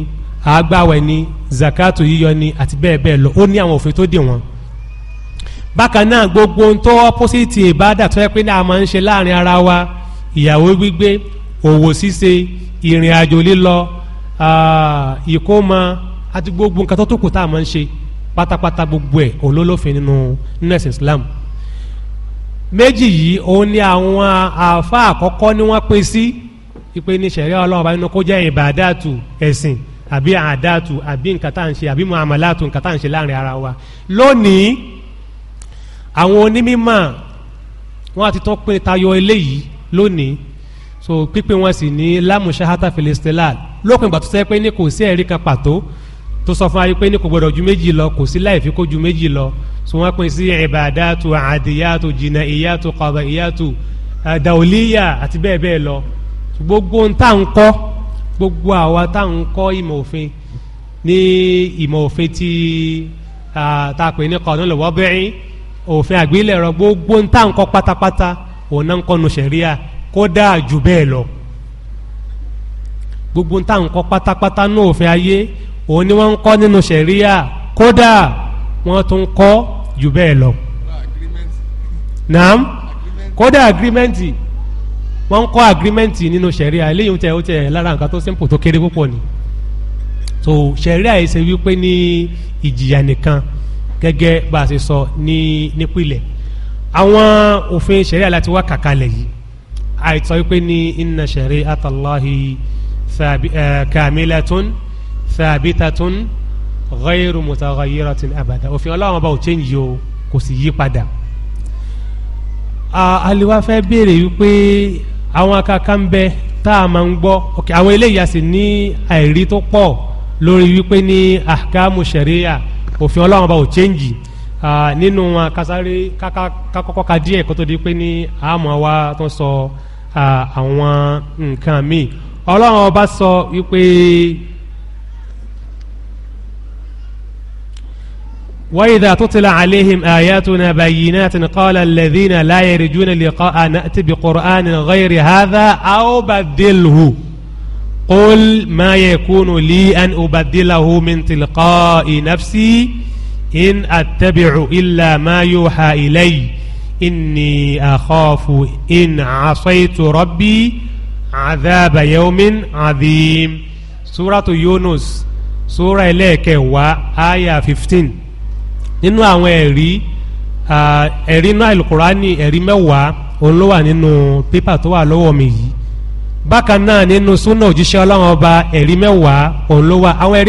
àágbàwẹ̀ ni zakatu yíyọ ni àti bẹ́ẹ̀ bẹ́ẹ̀ lọ ó ní àwọn òfin tó dè wọ́n bákan náà gbogbo ohun tó ọ́pọ́sìtì ìbádà tó yẹ pé náà máa ń ṣe láàrin ara wa ìyàwó gbígbé òwò ṣíṣe ìrìn àjò lílọ ìkómọ àti gbogbo nǹkan tó tó kù tá a máa ń ṣe pátápátá gbogbo ẹ̀ olólùfẹ́ nínú nínú islam méjì yìí òun ni àwọn àáfà àkọ́kọ́ ni wọ́n pín sí ìpè ní sẹ̀ríà ọlọ́run ọba nínú kó jẹ́ ìbàdàtù ẹ̀sìn àbí àdàtù àbí nǹkan tá à ń ṣe àbí muamalatu nǹkan tá à ń ṣe láàrin ara wa lónìí àwọn onímọ̀ wọn àti tán pín tayọ eléyìí lónìí so pípín wọn sì ní lámùsáhátà filistilal lópin ìgbà tó sẹ́ pé ní kò sí ẹ̀rí kan pàtó tó sọ fún ayé pé ní kò gbọdọ̀ ju méjì lọ kò sí láì fi kó ju méjì lọ so wọn pín sí ìbàdàtú àdìyàtú jìnnà ìyàtú kọ̀ọ̀bà ìyàtú dàwọlíyà àti bẹ́ẹ̀ bẹ́ẹ̀ lọ gbogbo ń ń kọ́ gbogbo àwa tá ń kọ́ ìmọ̀ òfin ní ìmọ̀ òfin ti tá ní kọ̀ọ̀nù lọ́wọ́ bẹ́ẹ̀ òfin àgbélẹ̀rọ gbogbo ń tà ń kọ́ pátápátá òun náà ń kọ́nu sẹ̀ríà kódà jù bẹ́ẹ̀ lọ gbogbo ń tà ń kọ́ pátápátá ní òfin ayé òun ni wọ́n ń kọ́ nínú sẹ̀ríà kódà wọ́n tún ń kọ́ jù bẹ́ẹ̀ lọ. naam kódà agirimẹ́ǹtì wọ́n ń kọ́ agirimẹ́ǹtì nínú sẹ̀ríà eléyìí tẹ ó tẹ lára nǹkan tó simple tó kéré púpọ̀ ni so sẹ̀ríà yìí ṣe wípé ní ìjìyà nìkan gẹ́gẹ́ bá a ṣe sọ ní nípìnlẹ̀ àwọn òfin ṣẹ̀ríà láti wá kàkalẹ̀ yìí àìsàn wípé ní iná ṣẹ̀rí àtàláhi kàmílẹ̀tún sàbítàtún ghayru mutaghayyiratin abada òfin ọlọ́run ọba ò chẹ́ǹjì o kò sì yí padà aliwa fẹ́ béèrè wípé àwọn akaka ń bẹ tá a máa ń gbọ́ àwọn eléyìí a sì ní àìrí tó pọ̀ lórí wípé ní ahkamu ṣẹ̀ríà òfin ọlọ́run ọba ò chẹ́ǹgì nínú kásáré kákọ́kọ́ ka díẹ̀ kó tó di pé ní àmọ́ wa tó sọ àwọn nǹkan míì ọlọ́run ọba sọ wípé. وإذا تطلع عليهم آياتنا بينات قال الذين لا يرجون لقاء نأتي بقرآن غير هذا أو بدله قل ما يكون لي أن أبدله من تلقاء نفسي إن أتبع إلا ما يوحى إلي إني أخاف إن عصيت ربي عذاب يوم عظيم سورة يونس سورة إليك وآية 15 إنه àwọn ẹ̀rí ẹ̀rí náà alukurani ẹ̀rí mẹ́wàá òun ló wà nínú pépà bákan náà nínú súnà òjíṣẹ́ ọlọ́run ọba ẹ̀rí mẹ́wàá òun ló wà àwọn ẹ̀rí